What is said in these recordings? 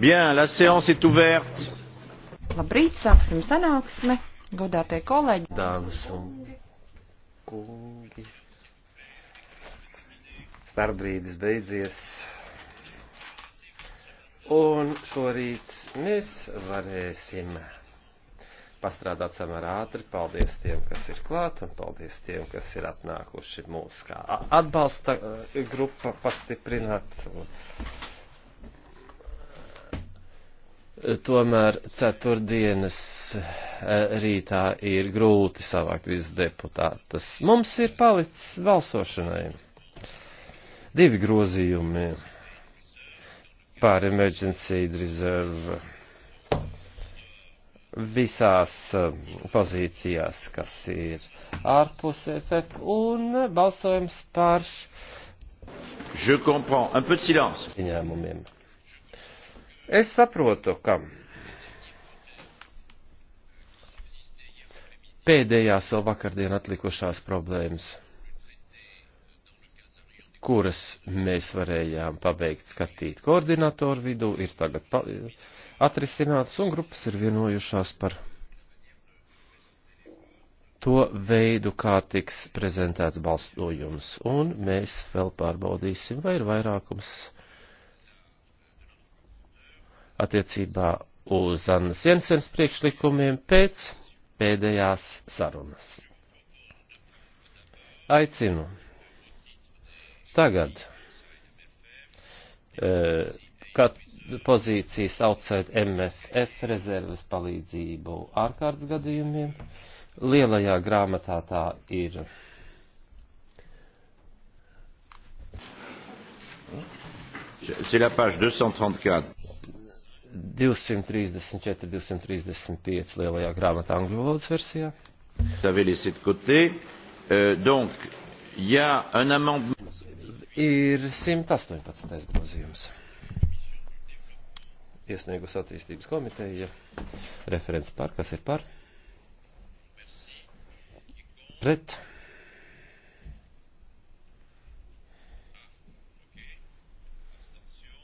Bien, la séance est ouverte. Labrīt, sāksim sanāksmi. Godātie kolēģi. Dāmas un kungi. Starbrīdis beidzies. Un šorīt mēs varēsim pastrādāt samērā ātri. Paldies tiem, kas ir klāt, un paldies tiem, kas ir atnākuši mūsu kā atbalsta eh, grupa pastiprināt. Un Tomēr ceturtdienas e, rītā ir grūti savākt visus deputātus. Mums ir palicis balsošanai divi grozījumi par emergency reserve visās e, pozīcijās, kas ir ārpus FF, un balsojums par. Je comprends. Un peu de silence. Pieņēmumiem. Es saprotu, ka pēdējās vēl vakardien atlikušās problēmas, kuras mēs varējām pabeigt skatīt koordinatoru vidū, ir tagad atrisinātas un grupas ir vienojušās par to veidu, kā tiks prezentēts balsojums, un mēs vēl pārbaudīsim, vai ir vairākums attiecībā uz Annas Jensens priekšlikumiem pēc pēdējās sarunas. Aicinu tagad eh, kad pozīcijas outside MFF rezerves palīdzību ārkārtas gadījumiem. Lielajā grāmatā tā ir. C'est la page 234. 234, 235 lielajā grāmatā angļu valodas versijā. Euh, ir 118. grozījums. Iesniegus attīstības komiteja, referents par, kas ir par? Pret.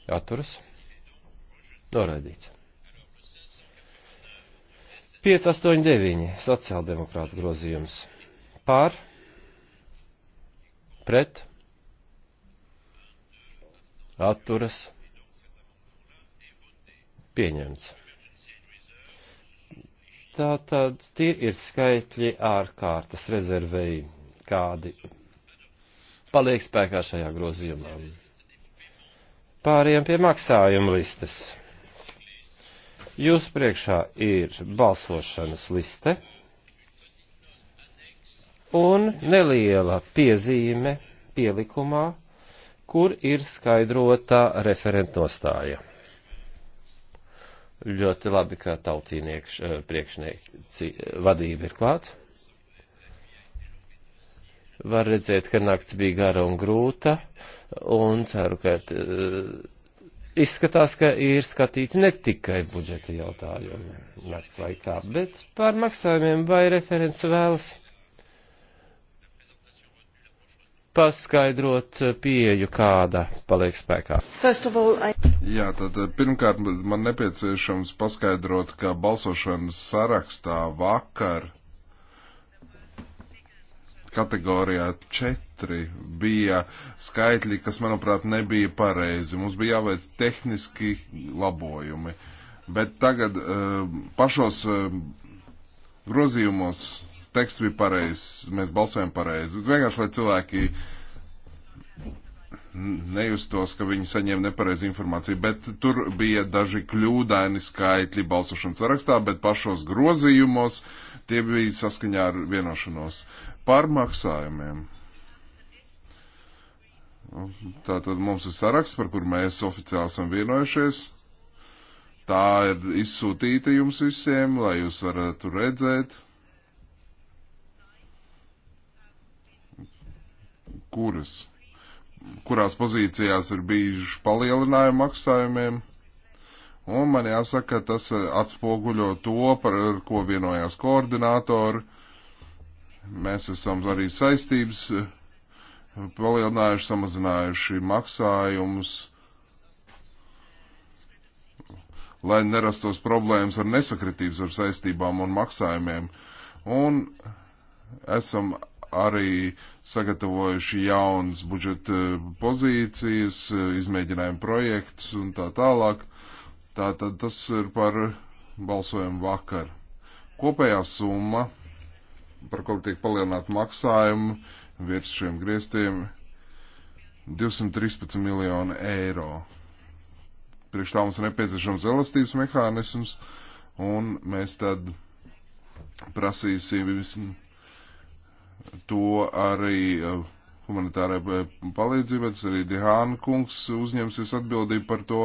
Atturas. Noraidīts. 589 sociāldemokrāta grozījums. Pār, pret, atturas, pieņemts. Tātad tie ir skaitļi ārkārtas rezervēji, kādi paliek spēkā šajā grozījumā. Pāriem pie maksājuma listas. Jūsu priekšā ir balsošanas liste un neliela piezīme pielikumā, kur ir skaidrota referenta nostāja. Ļoti labi, ka tautīnieks eh, priekšnieks eh, vadība ir klāt. Var redzēt, ka nakts bija gara un grūta, un ceru, ka eh, izskatās, ka ir skatīti ne tikai budžeta jautājumi nakts laikā, bet par maksājumiem vai referents vēlas paskaidrot pieju, kāda paliek spēkā. All, I... Jā, tad eh, pirmkārt man nepieciešams paskaidrot, ka balsošanas sarakstā vakar kategorijā 4 četri bija skaitļi, kas, manuprāt, nebija pareizi. Mums bija jāveic tehniski labojumi. Bet tagad eh, pašos eh, grozījumos teksts bija pareizs, mēs balsojam pareizi. Vienkārši, lai cilvēki nejustos, ka viņi saņēma nepareizi informāciju, bet tur bija daži kļūdaini skaitļi balsošanas sarakstā, bet pašos grozījumos tie bija saskaņā ar vienošanos par maksājumiem. Tātad mums ir saraksts, par kur mēs oficiāli esam vienojušies. Tā ir izsūtīta jums visiem, lai jūs varētu redzēt, kuras, kurās pozīcijās ir bijuši palielinājumi maksājumiem. Un man jāsaka, ka tas atspoguļo to, par ko vienojās koordinātori. Mēs esam arī saistības palielinājuši, samazinājuši maksājumus, lai nerastos problēmas ar nesakritības ar saistībām un maksājumiem. Un esam arī sagatavojuši jaunas budžeta pozīcijas, izmēģinājumu projektus un tā tālāk. Tātad tas ir par balsojumu vakar. Kopējā summa, par ko tiek palielināta maksājuma, virs šiem grieztiem 213 miljonu eiro. Priekš tā mums ir nepieciešams elastības mehānisms, un mēs tad prasīsim to arī uh, humanitārai uh, palīdzībai, tas arī Dihāna kungs uzņemsies atbildību par to,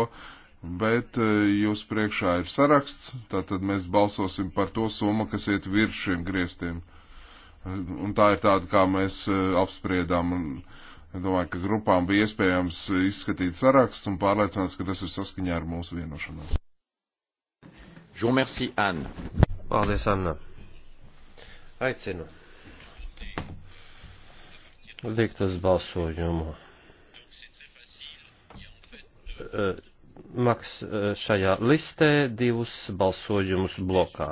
bet uh, jūs priekšā ir saraksts, tātad mēs balsosim par to summu, kas iet virs šiem griestiem. Un tā ir tāda, kā mēs e, apspriedām. Un domāju, ka grupām bija iespējams izskatīt saraksts un pārliecināts, ka tas ir saskaņā ar mūsu vienošanos. Merci, Anne. Paldies, Anna. Aicinu. Likt uz balsojumu. E, Maks e, šajā listē divus balsojumus blokā.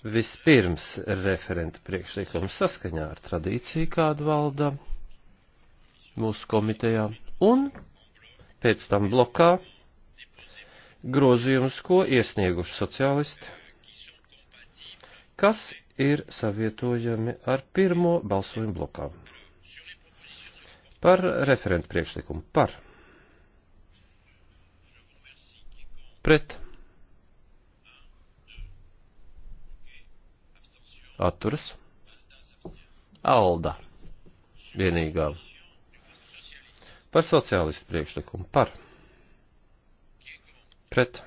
Vispirms referenta priekšlikums saskaņā ar tradīciju, kāda valda mūsu komitejā, un pēc tam blokā grozījums, ko iesnieguši sociālisti, kas ir savietojami ar pirmo balsojumu blokā. Par referentu priekšlikumu par. Pret. atturas. Alda vienīgā par sociālistu priekšlikumu par pret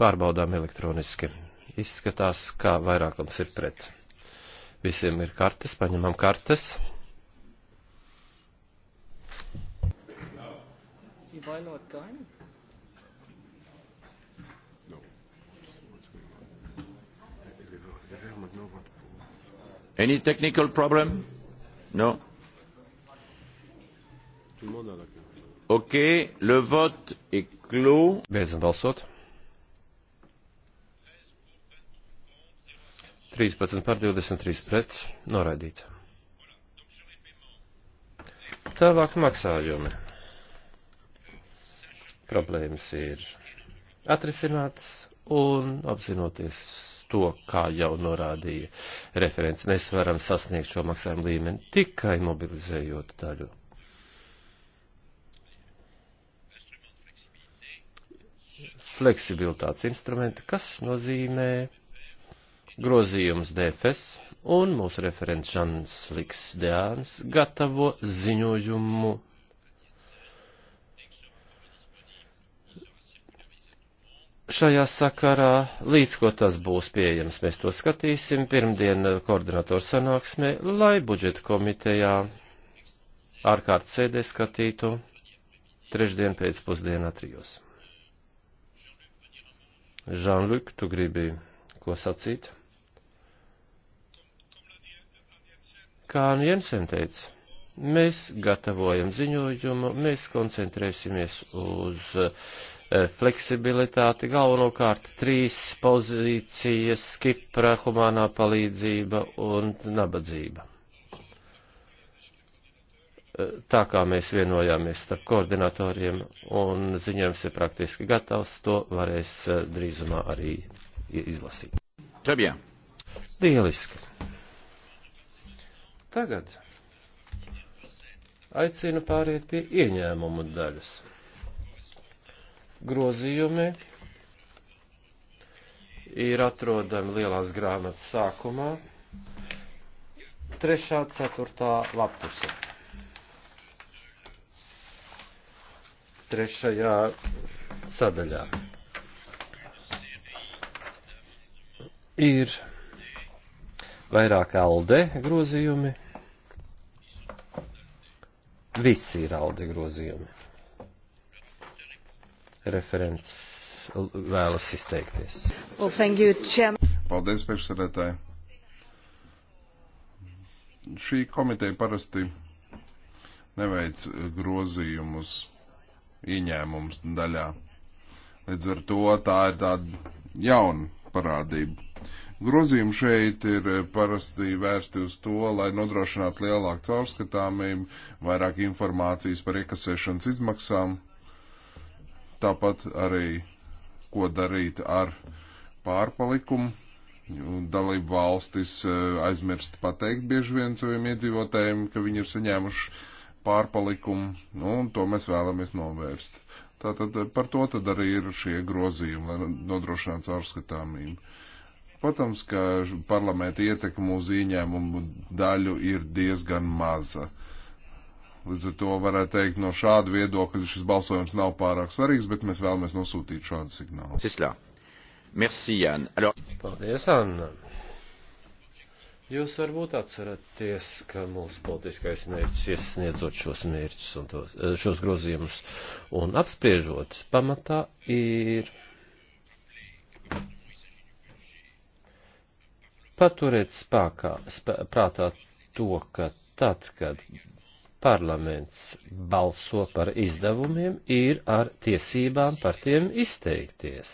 pārbaudām elektroniski. Izskatās, kā vairākums ir pret. Visiem ir kartes, paņemam kartes. Die Wahl läuft gar nicht. Any technical problem? Non Ok, le vote est clos. Beidzam balsot. 13 par 23 pret, noraidīts. Tālāk maksājumi. Problēmas ir atrisinātas un apzinoties to, kā jau norādīja referents. Mēs varam sasniegt šo maksājumu līmeni tikai mobilizējot daļu. Fleksibilitātes instrumenti, kas nozīmē grozījums DFS un mūsu referents Žans Liks Dēns gatavo ziņojumu šajā sakarā, līdz ko tas būs pieejams, mēs to skatīsim pirmdien koordinatoru sanāksmē, lai budžeta komitejā ārkārtas sēdē skatītu trešdien pēcpusdienā trijos. Žanluk, tu gribi ko sacīt? Kā nu Jensen teica, mēs gatavojam ziņojumu, mēs koncentrēsimies uz uh, Eh, fleksibilitāti, galvenokārt trīs pozīcijas - Kipra, humanā palīdzība un nabadzība. Eh, tā kā mēs vienojāmies starp koordinatoriem un ziņojums ir praktiski gatavs, to varēs eh, drīzumā arī izlasīt. Trebjā. Lieliski. Tagad aicinu pāriet pie ieņēmumu daļas grozījumi ir atrodami lielās grāmatas sākumā, trešā, ceturtā lapuse. Trešajā sadaļā ir vairāk alde grozījumi. Visi ir alde grozījumi referents vēlas izteikties. Well, thank you, Chairman. Paldies, priekšsēdētāji. Šī komiteja parasti neveic grozījumus ieņēmums daļā. Līdz ar to tā ir tāda jauna parādība. Grozījumi šeit ir parasti vērsti uz to, lai nodrošinātu lielāku caurskatāmību, vairāk informācijas par iekasēšanas izmaksām Tāpat arī, ko darīt ar pārpalikumu. Dalību valstis e, aizmirst pateikt bieži vien saviem iedzīvotājiem, ka viņi ir saņēmuši pārpalikumu, nu, un to mēs vēlamies novērst. Tātad e, par to tad arī ir šie grozījumi, lai nodrošinātu caurskatāmību. Protams, ka parlamenta ietekme uz ieņēmumu daļu ir diezgan maza. Uh, Līdz ar to varētu teikt, no šāda viedokļa šis balsojums nav pārāk svarīgs, bet mēs vēlamies nosūtīt šādu signālu. Cislā. Merci, Jan. Alors... Paldies, Anna. Jūs varbūt atceraties, ka mūsu politiskais mērķis iesniedzot šos mērķus un tos, eh, šos grozījumus un apspriežot pamatā ir paturēt spākā, spā, prātā to, ka tad, kad parlaments balso par izdevumiem, ir ar tiesībām par tiem izteikties.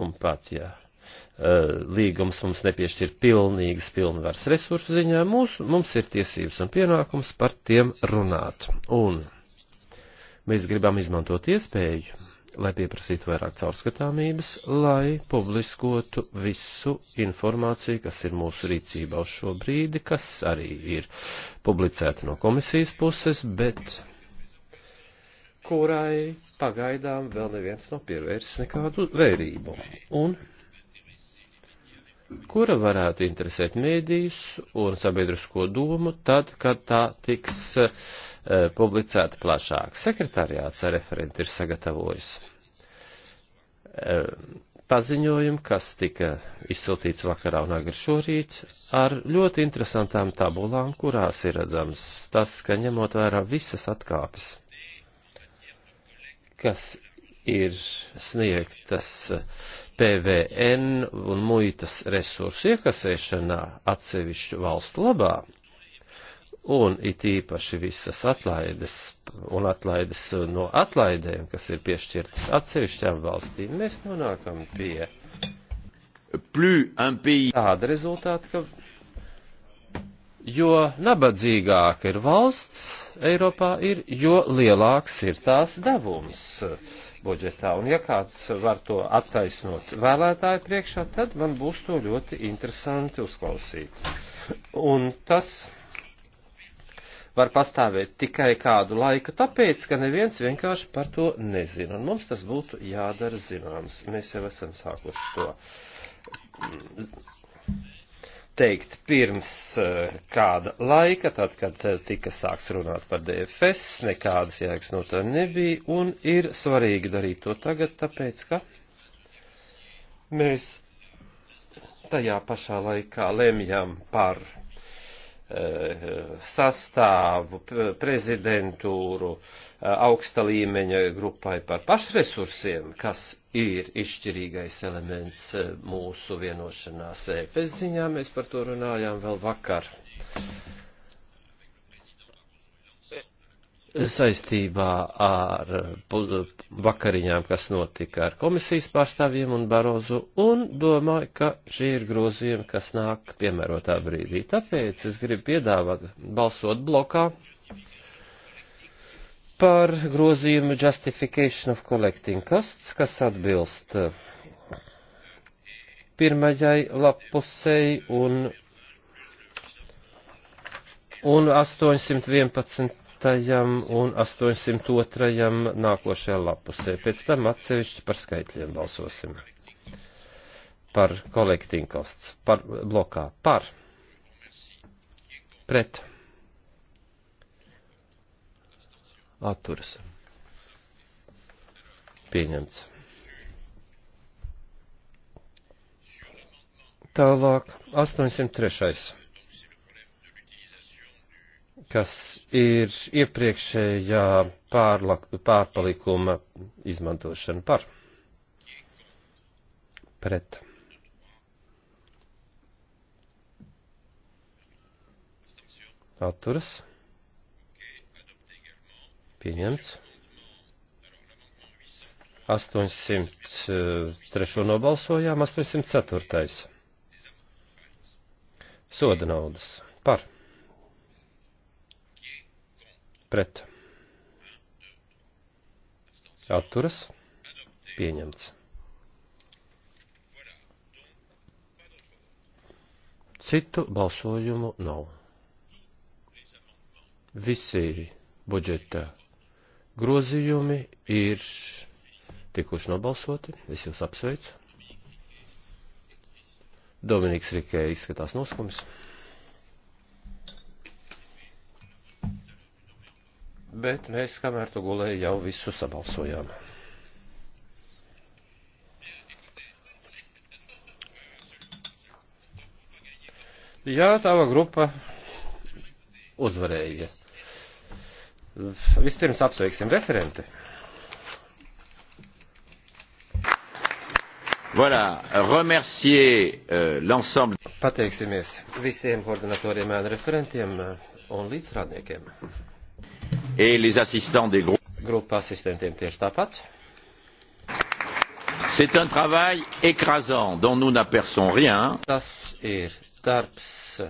Un pat, ja e, līgums mums nepiešķir pilnīgas pilnvaras resursu ziņā, mūs, mums ir tiesības un pienākums par tiem runāt. Un mēs gribam izmantot iespēju lai pieprasītu vairāk caurskatāmības, lai publiskotu visu informāciju, kas ir mūsu rīcībā uz šo brīdi, kas arī ir publicēta no komisijas puses, bet kurai pagaidām vēl neviens nav pievērsis nekādu vērību, un kura varētu interesēt mēdījus un sabiedrisko domu tad, kad tā tiks uh, E, publicēta plašāk. Sekretariāts ar referenti ir sagatavojis e, paziņojumu, kas tika izsūtīts vakarā un agri šorīt, ar ļoti interesantām tabulām, kurās ir redzams tas, ka ņemot vērā visas atkāpes, kas ir sniegtas PVN un muitas resursu iekasēšanā atsevišķu valstu labā, un it īpaši visas atlaides un atlaides no atlaidēm, kas ir piešķirtas atsevišķām valstīm, mēs nonākam pie tāda rezultāta, ka jo nabadzīgāka ir valsts Eiropā ir, jo lielāks ir tās devums budžetā. Un ja kāds var to attaisnot vēlētāju priekšā, tad man būs to ļoti interesanti uzklausīt. Un tas var pastāvēt tikai kādu laiku, tāpēc, ka neviens vienkārši par to nezina, un mums tas būtu jādara zināms. Mēs jau esam sākuši to mm, teikt pirms eh, kāda laika, tad, kad eh, tika sāks runāt par DFS, nekādas jēgas no tā nebija, un ir svarīgi darīt to tagad, tāpēc, ka mēs tajā pašā laikā lemjam par Eh, sastāvu, prezidentūru, eh, augsta līmeņa grupai par pašresursiem, kas ir izšķirīgais elements eh, mūsu vienošanās. Pēc e e ziņā mēs par to runājām vēl vakar. saistībā ar eh, vakariņām, kas notika ar komisijas pārstāvjiem un Barozu, un domāju, ka šie ir grozījumi, kas nāk piemērotā brīdī. Tāpēc es gribu piedāvāt balsot blokā par grozījumu Justification of Collecting Costs, kas atbilst eh, pirmajai lapusei un, un 811 un 802 nākošajā lapusē. Pēc tam atsevišķi par skaitļiem balsosim. Par collecting costs, par blokā, par, pret, atturas, pieņemts. Tālāk, 803 kas ir iepriekšējā pārlak, pārpalikuma izmantošana par pret. Atturas. Pieņemts. 803 nobalsojām, 804. Soda naudas par pret atturas pieņemts. Citu balsojumu nav. Visi budžeta grozījumi ir tikuši nobalsoti. Es jūs apsveicu. Dominiks Rikē izskatās noskums. bet mēs, kamēr tu gulēji, jau visu sabalsojām. Jā, tava grupa uzvarēja. Vispirms apsveiksim referenti. Voilà, remercier euh, l'ensemble. Pateiksimies visiem koordinatoriem, referentiem euh, un līdzstrādniekiem et les assistants des groupes. Grupu asistentiem tieši tāpat. C'est un travail écrasant dont nous n'aperçons rien. Tas ir darbs,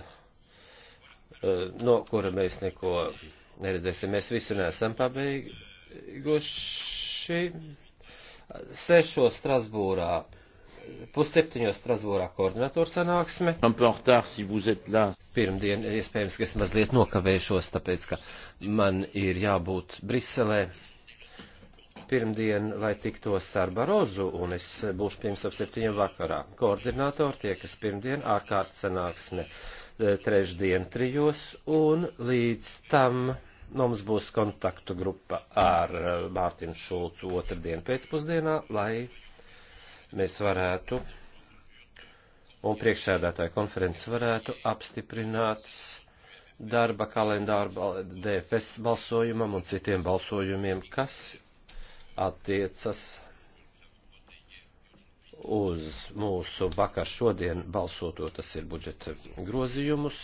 eh, no kura mēs neko neredzēsim. Mēs visu neesam pabeiguši. Sešos Strasbūrā pusseptiņos Strasbūrā koordinatoru sanāksme. Un peu en retard, si vous êtes là pirmdien, iespējams, ka es mazliet nokavēšos, tāpēc, ka man ir jābūt Briselē pirmdien, lai tiktos ar Barozu, un es būšu pirms ap septiņiem vakarā. Koordinātori tie, kas pirmdien ārkārt sanāksme e, trešdien trijos, un līdz tam mums būs kontaktu grupa ar e, Mārtiņu Šulcu otrdien pēcpusdienā, lai mēs varētu un priekšsēdētāja konferences varētu apstiprināt darba kalendāru DFS balsojumam un citiem balsojumiem, kas attiecas uz mūsu vakar šodien balsoto, tas ir budžeta grozījumus.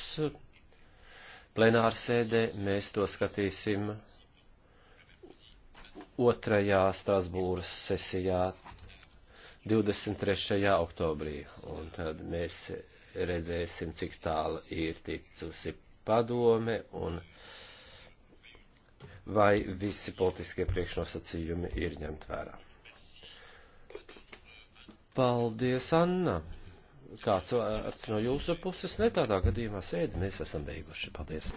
Plenāra sēdē mēs to skatīsim otrajā Strasbūras sesijā 23. oktobrī, un tad mēs redzēsim, cik tālu ir ticusi padome un vai visi politiskie priekšnosacījumi ir ņemt vērā. Paldies, Anna! Kāds no jūsu puses ne tādā gadījumā sēdi, mēs esam beiguši. Paldies!